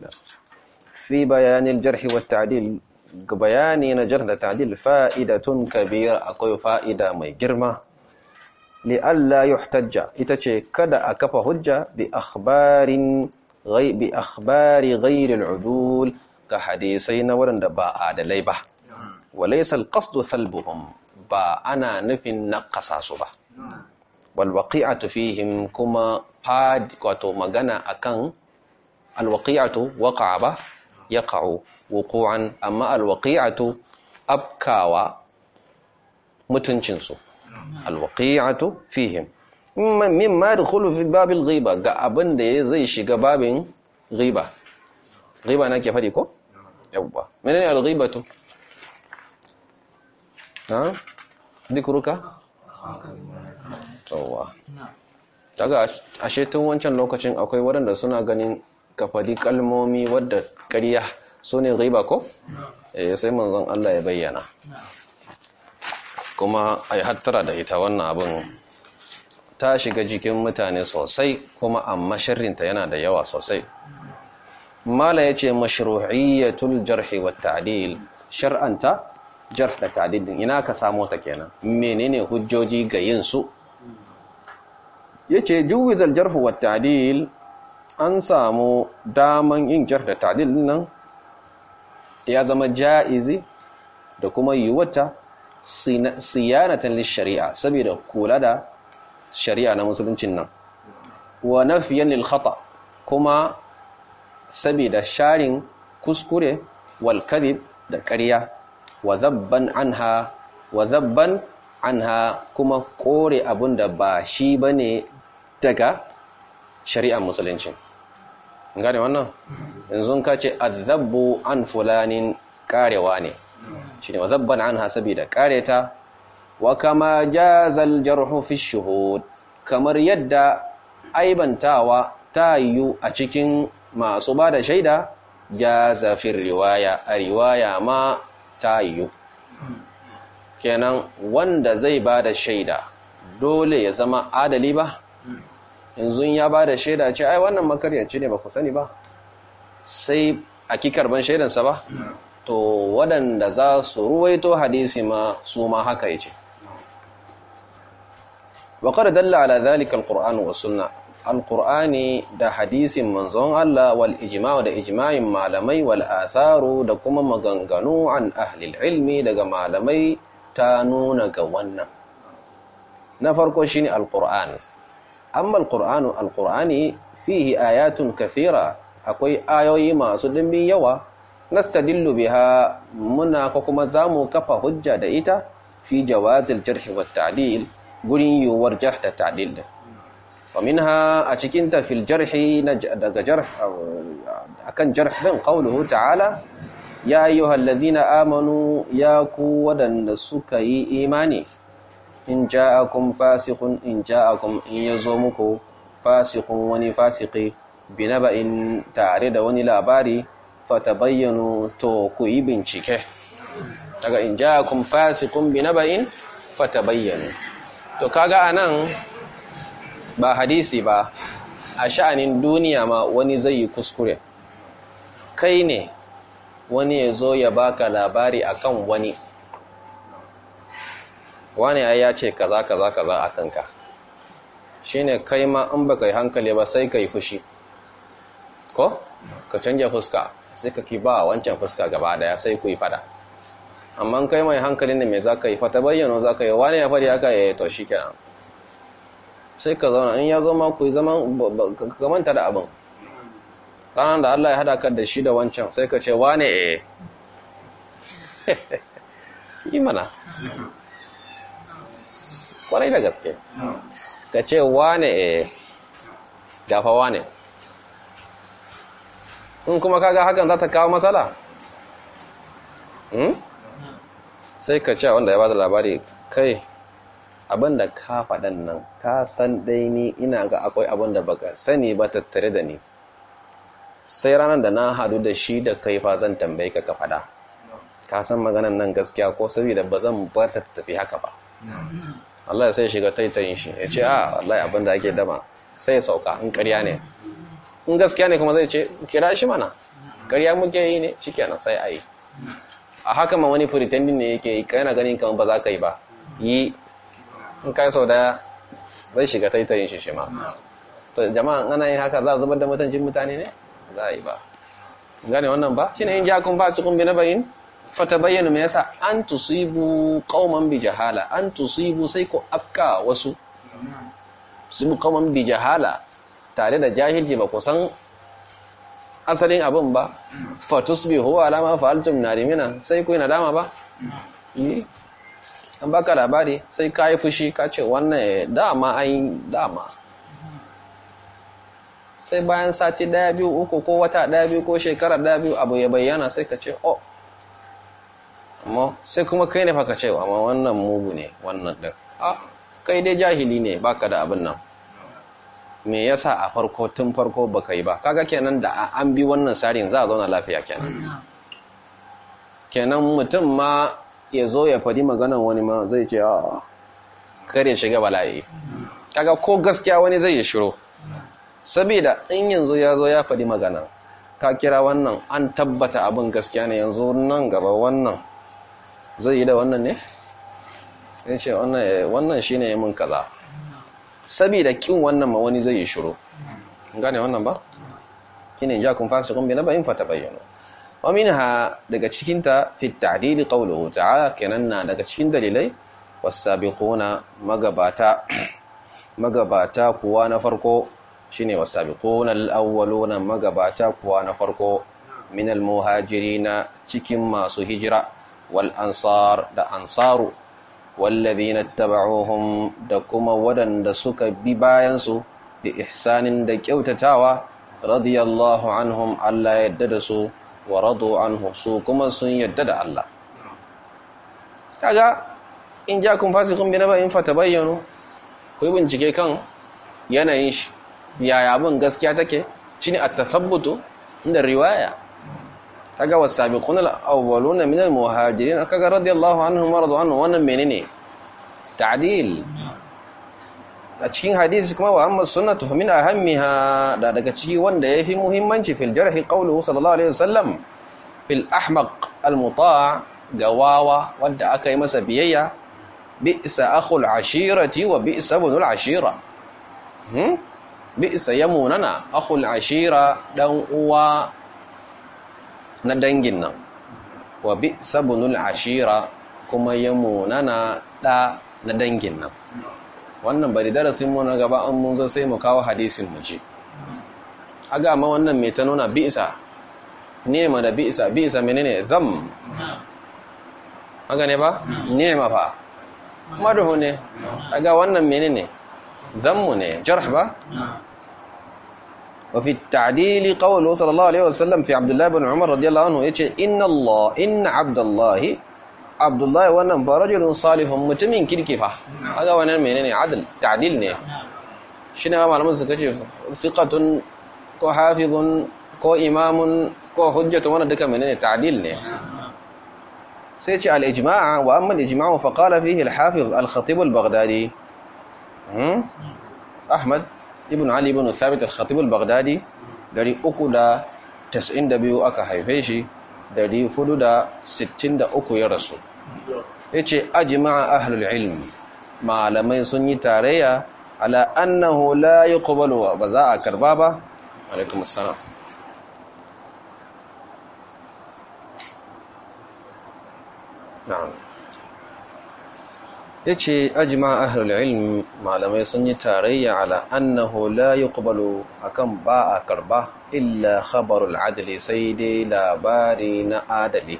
Speaker 1: fi bayanil jarh wa ta'dil bayani na jar da ta'dil fa'idatun kabira akwai fa'ida mai girma li alla yuhtajja ita ce kada a kafa hujja bi akhbarin bi akhbari udul ga hadisai na waɗanda ba dalai ba walaisal al-qasdu ba ana nufin naqasa su ba wal fihim kuma fad wato magana akan alwaki'atu waqi'atu ba ya yaqa'u wuku'an amma alwaqi'atu abkawa mutuncinsu alwaqi'atu fihim mimma yadkhulu fi babil ghiba ga abin da zai shiga babin ghiba ghiba nake fadi ko yawwa menene alghibatu ha dikruka tsawa daga ashe tun wancan lokacin akwai waɗanda suna ganin kafali kalmomi wadda ƙarya su ne riba ko? eh sai manzon Allah ya bayyana kuma a yi hattara da ita wannan abin ta shiga jikin mutane sosai kuma a sharrinta yana da yawa sosai mala ya ce tun jarhi wa ta'adil shar'anta jarh da ta'adil din ina ka samo ta kenan menene hujjoji ga yin su ce juwizal jarh wa ta'adil an samu daman yin jarh da ta'adil nan ya zama ja'izi da kuma yiwuwata siyanatan shari'a saboda kula da shari'a na musuluncin nan wa nafiyan lil khata kuma saboda sharin kuskure wal kadhib da ƙarya wa zabban anha wa zabban anha kuma kore abun ba shi bane daga shari'ar musuluncin gane wannan yanzu ka ce azabbu an fulanin karewa ne shi ne wazabban an hasabi da kareta wa kama jazal jarhu fi shuhud kamar yadda aibantawa ta yiwu a cikin masu ba da shaida jaza fi riwaya a riwaya ma ta yiwu kenan wanda zai ba da shaida dole ya zama adali ba yanzu ya ba da shaida ce ai wannan makaryaci ne ba ku sani ba sai a ki karban shaidansa ba to waɗanda za su ruwaito hadisi ma su ma haka ya ce waƙar dalla ala zalika alƙur'an wa sunna alƙur'ani da hadisin manzon Allah wal ijma'u da ijma'in malamai wal atharu da kuma maganganu an ahlil ilmi daga malamai ta nuna ga wannan na farko shine alƙur'ani amma alqur'anu alqur'ani fihi ayatun kafira akwai ayoyi masu dimbin yawa nastadillu biha muna ko kuma zamu kafa hujja da ita fi jawazil jarh wa Ta'adil" gurin yiwuwar jarh da ta'dil faminha a cikin ta fil daga akan jarh din qawluhu ta'ala ya ayyuhallazina amanu ya ku waɗanda suka yi imani in ja'akum fasiqun in ja'akum in yazo muku fasiqun wani fasiqi binaba'in tare da wani labari fatabayyanu to ku yi bincike daga in ja'akum fasiqun binaba'in fatabayyanu to kaga anan ba hadisi ba a sha'anin duniya ma wani zai yi kuskure kai ne wani ya zo ya baka labari akan wani wane ya ce kaza kaza kaza a kanka shine kai ma in baka yi hankali ba sai yi fushi ko ka canje fuska sai ka ki ba wancan fuska gaba daya sai ku yi fada amma kai mai hankali ne mai zaka yi fata bayyana zaka yi wane ya fadi aka yi eh, to shikenan sai ka zauna in ya ma ku yi zaman ka manta da abin ranar da Allah ya hada kan da shi da wancan sai ka ce wane eh (laughs) mana. kwarai da gaske hmm. ka ce wane e gafa wane in kuma kaga hakan za ta kawo matsala hmm? sai ka ce wanda ya ba da labari kai abinda ka faɗan nan ka san dai ni ina ga akwai abinda baka sani ba tattare da ni sai ranar da na hadu da shi da kai fa zan tambayi ka faɗa hmm. ka san maganan nan gaskiya ko saboda ba zan bar ta tafi haka ba Allah sai shiga taitayin shi ya ce a ah, wallahi abin da ake dama sai ya sauka in ƙarya ne in gaskiya ne kuma zai ce kira shi mana ƙarya muke yi ne kenan sai a yi a haka ma wani pretending ne yake yi na ganin kamar ba za ka yi ba yi in kai sau daya zai shiga taitayin shi shi ma to jama'a ana yin haka za a zubar da mutuncin mutane ne za a yi ba gane wannan ba shine in jakun ba su kun bi na bayin fata bayyana me yasa an tusibu qauman bi jahala an tusibu sai ku afka wasu tusibu qauman bi jahala tare da jahilci ba ku san asalin abin ba Fatus fatusbihu ala alama fa'altum narimina sai ku yi nadama ba mm. eh. an baka labari sai ka yi fushi ka ce wannan eh, dama an dama sai bayan sati daya biyu uku ko wata daya biyu ko shekara daya biyu abu ya bayyana sai ka ce oh amma sai kuma kai ne faka cewa amma wannan mugu ne wannan ɗin a kai dai jahili ne baka da abin nan me yasa a farko tun farko baka yi ba kaga kenan da an bi wannan tsarin za a zauna lafiya kenan kenan mutum ma ya zo ya fadi maganan wani ma zai ce a ah, kare shiga bala'i kaga ko gaskiya wani zai yi shiro saboda in yanzu ya zo ya fadi magana ka kira wannan an tabbata abin gaskiya ne yanzu nan gaba wannan zai yi da wannan ne in ce eh, wannan shi ne mun kaza sabida kin wannan ma wani zai yi shiru gane wannan ba shine ja kun fasikun bi nabain fatabayyanu wa minha daga cikinta fita fi ta'dil qawluhu kenan na daga cikin dalilai wasabiquna magabata magabata kuwa na farko shine wasabiquna al-awwaluna magabata kuwa na farko min al-muhajirina cikin masu hijira wal ansar da ansaru wallazina tabauhum da kuma waɗanda suka bi bayansu da ihsanin da kyautatawa radiyallahu anhum Allah ya yadda da su wa radu anhu su kuma sun yadda da Allah kaga in jakum fasiqun binaba'in fatabayyanu ku yi bincike kan yanayin shi yaya abin gaskiya take shine at-tathabbutu inda riwaya kaga wasabiqun al-awwaluna minal muhajirin kaga radiyallahu anhum waradu anhu wannan menene ta'dil a cikin hadisi kuma wa amma sunnatu min ahammiha da daga ciki wanda yafi muhimmanci fil jarh qawluhu sallallahu alaihi wasallam fil ahmaq al-muta' gawawa wanda aka yi masa biyayya bi'sa akhul ashirati wa bi'sa bunul ashira hmm bi'sa yamunana akhul ashira dan uwa na dangin nan wa bi sabunul ashira kuma ya munana ɗa na dangin nan wannan bari darasin mu na gaba an mun zo sai mu kawo hadisin mu ji aga ma wannan mai ta nuna bi'sa nema da bi isa menene zam aga ne ba nema fa madu ne aga wannan menene zammu ne jarh ba وفي التعديل قوله صلى الله عليه وسلم في عبد الله بن عمر رضي الله عنه إن الله إن عبد الله عبد الله وانا برجل صالح متمين كده كيف هذا وانا من يعني عدل نعم شنو ما لمس كذي ثقة امام كو كحجة وانا دك من يعني نعم سيجى الإجماع وأما الإجماع فقال فيه الحافظ الخطيب البغدادي أحمد ibn ali ibn sabit al-khatib al-baghdadi dari uku da aka haife shi dari hudu da ya rasu ya ce ajima'a ahlul ilmi malamai sun yi tarayya ala annahu la yuqbalu ba za a karba ba alaikum assalam na'am ya ce ajima ahlul malamai sun yi tarayya ala annahu la yuqbalu akan ba a karba illa khabarul adali sai dai labari na adali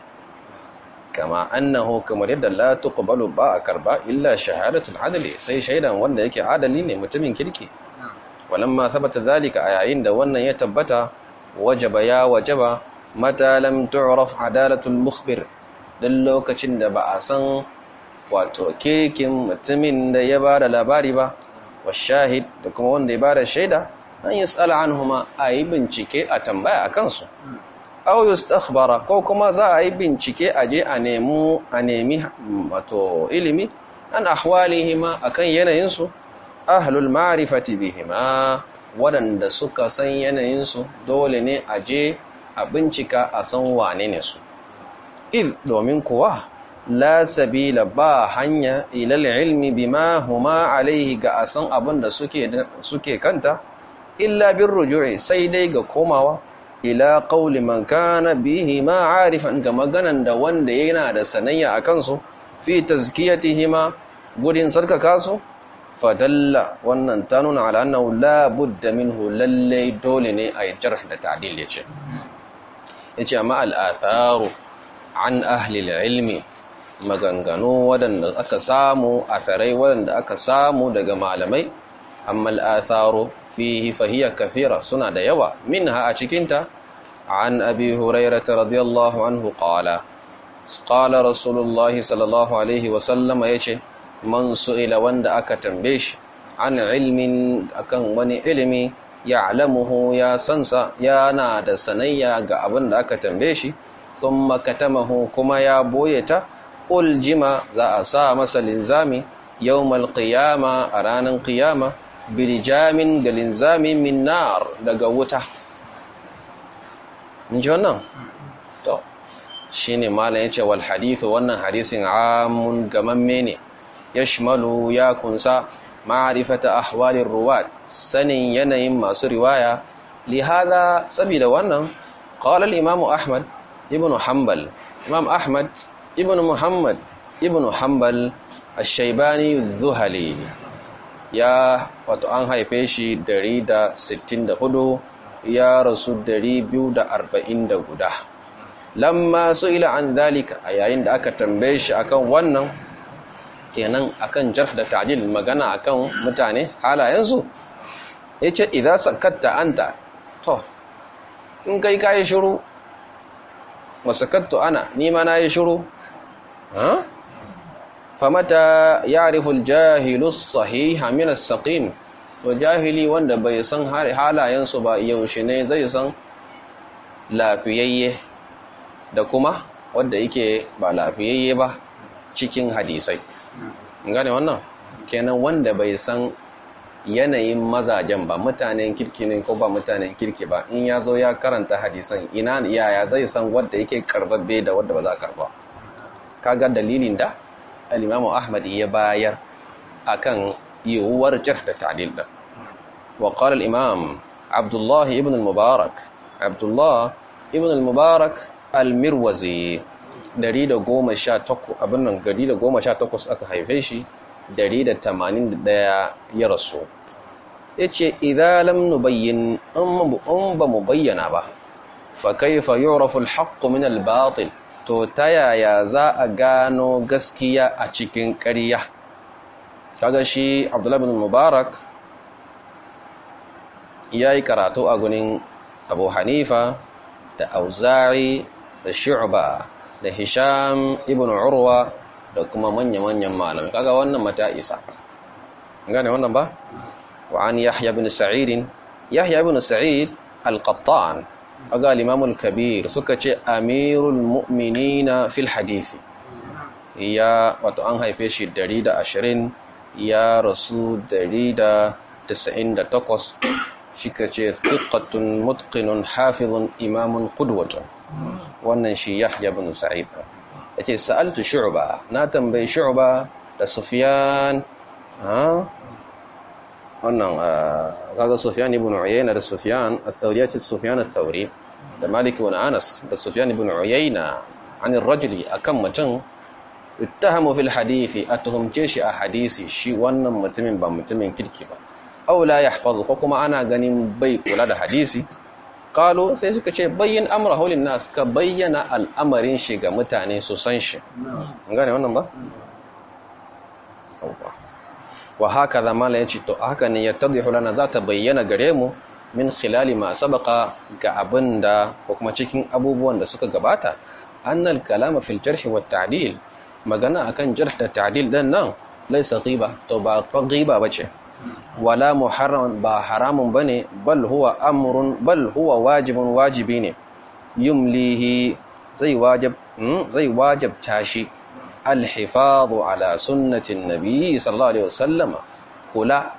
Speaker 1: kama annahu kamar yadda la tuqbalu ba a karba illa shahadatul adali sai shaidan wanda yake adali ne mutumin kirki ma thabata zalika a yayin da wannan ya tabbata wajaba ya wajaba mata lam tu'raf adalatul mukhbir dan lokacin da ba a san wato kirkin mutumin da ya ba da labari ba wa shahid da kuma wanda ya ba da shaida an yi tsala an huma a yi bincike a tambaya a kansu au yi ko kuma za a yi bincike a je a nemi a nemi wato ilimi an a kan yanayinsu ahlul ma'rifati bihima waɗanda suka san yanayinsu dole ne a je a bincika a san wane ne su id domin kuwa la sabila ba hanya ilal ilmi bima huma alaihi ga asan abin da suke kanta illa bin rujui sai dai ga komawa ila qauli man kana bihi ma arifan ga maganan da wanda yana da sanayya a kansu fi tazkiyatihima gudun sarkaka su fadalla wannan ta nuna ala annahu la budda minhu lalle dole ne a jarh da ta'dil yace yace amma al-atharu an ahli al-ilmi maganganu waɗanda aka samu a farai waɗanda aka samu daga malamai amma al'atharu fi hifahiyya kafira suna da yawa min ha a cikinta an abi ta radiyallahu anhu ƙala. qala rasulullah sallallahu alaihi wasallama ce, man su'ila wanda aka tambaye shi an ilmin akan wani ilimi ya'lamuhu ya sansa yana da sanayya ga abin da aka tambaye shi sun katamahu kuma ya boye ta uljima za a sa masa linzami yawmal qiyama a ranar qiyama birijamin da linzami min nar daga wuta mun ji wannan to shine malam yace wal hadithu wannan hadisin amun gamamme ne yashmalu ya kunsa ma'arifata ahwalin ruwad sanin yanayin masu riwaya lihada sabida wannan qala al ahmad ibn hanbal imam ahmad ibn muhammad ibn hanbal ashaibani zuhali ya wato an haife shi 164 ya rasu 240 guda lamma su ila an zalika a yayin da aka tambaye shi akan wannan kenan akan jarh da ta'dil magana akan mutane halayensu yace idza sakatta anta to in kai kai shiru wasakattu ana ni ma na nayi shiru famata ya'rifu al-jahilu sahi sahih min to jahili wanda bai san halayen su ba yaushe ne zai san lafiyayye da kuma wanda yake ba lafiyayye ba cikin hadisai gane wannan kenan wanda bai san yanayin mazajen ba mutanen kirki ne ko ba mutanen kirki ba in ya zo ya karanta hadisan ina yaya zai san wadda yake karbabbe da wadda ba za karba kaga dalilin da al-imamu ahmad ya bayar akan yiwuwar jarh da ta'dil da wa qala al-imam abdullah ibn al-mubarak abdullah ibn al-mubarak al-mirwazi 118 abin nan 118 aka haife shi 181 ya rasu yace idza lam nubayyin in ba mu bayyana ba fa kayfa yu'rafu al-haqq min al-batil to ta yaya za a gano gaskiya a cikin ƙarya kaga shi abdullahi bin mubarak ya yi karatu a gunin abu hanifa da auzari da shu'ba da hisham ibn urwa da kuma manya-manyan malamai kaga wannan mata isa gane wannan ba wa an yahya bin sa'id yahya bin sa'id al-qattan aga al kabir suka ce amirul mu'minina fil hadisi ya wato an haife shi 120 ya rasu 198 shi ka ce fiqatun mutqinun hafizun imamun qudwatun wannan shi yahya bin sa'id yace sa'altu shu'ba na tambayi shu'ba da sufyan ha ah, wannan ah, kaga Sufyan ibn Uyayna da Sufyan al-Thawri yace Sufyan al-Thawri da Malik ibn Anas da Sufyan ibn Uyayna an ar-rajuli akan mutum ittahamu fil hadisi atuhumce shi a hadisi shi wannan mutumin ba mutumin kirki ba aw la yahfazu ko kuma ana ganin bai kula da hadisi qalu sai suka ce bayyin amrahu lin nas ka bayyana al'amarin shi ga mutane su san shi gane wannan ba wa haka zama la yace to haka ne ya tadihu lana za ta bayyana gare mu min khilali ma sabaqa ga abinda ko kuma cikin abubuwan da suka gabata annal kalama fil jarhi wa ta'dil magana akan jarh da ta'dil din nan laysa ghiba to ba ghiba bace wala muharram ba haramun bane bal huwa amrun bal huwa wajibun wajibi ne yumlihi zai wajab hmm, zai wajabta shi alhifazu ala sunnatin nabi sallallahu alaihi wasallama kula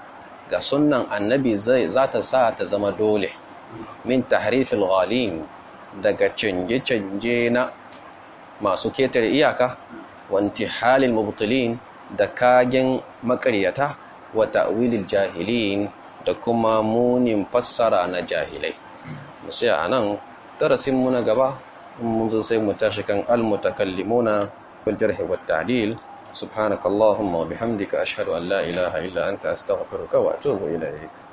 Speaker 1: ga sunnan annabi zata sa ta zama dole min tahrifil ghalin daga canje-canje na masu ketar iyaka wanti halin mubtilin da kagen makaryata wa ta'wilil jahilin da kuma munin fassara na jahilai musaya anan darasin mu na gaba mun zo sai mu tashi kan almutakallimuna والجرح والتعديل سبحانك اللهم وبحمدك أشهد أن لا إله إلا أنت أستغفرك وأتوب
Speaker 2: إليك